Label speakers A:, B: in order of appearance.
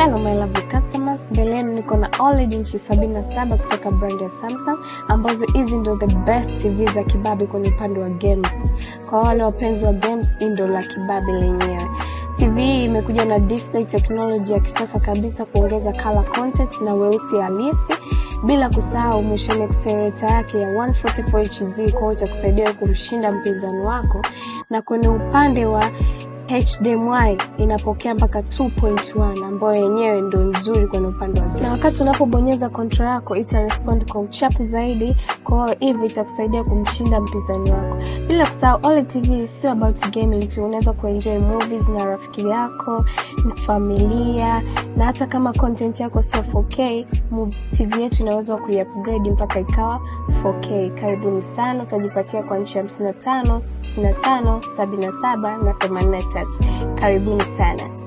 A: Hello my lovely customers, mbele yenu niko na OLED inchi 77 kutoka brand ya Samsung, ambazo hizi ndo the best TV za kibabe kwenye upande wa games. Kwa wale wapenzi wa games, hii ndo la kibabe lenyewe. TV hii imekuja na display technology ya kisasa kabisa kuongeza color content na weusi halisi bila kusahau mwishoni accelerator yake ya 144 Hz kwa itakusaidia kumshinda mpinzani wako, na kwenye upande wa HDMI inapokea mpaka 2.1 ambayo yenyewe ndio nzuri kwenye upande wa video. Na wakati unapobonyeza control yako ita respond kwa uchapu zaidi, kwa hiyo hivi itakusaidia kumshinda mpinzani wako. Bila kusahau OLED TV sio about gaming tu, unaweza kuenjoy movies na rafiki yako, na familia na hata kama content yako sio 4K, TV yetu inaweza kuiupgrade mpaka ikawa 4K. Karibuni sana, utajipatia kwa nchi 55, 65, 77 na 85. Karibuni sana.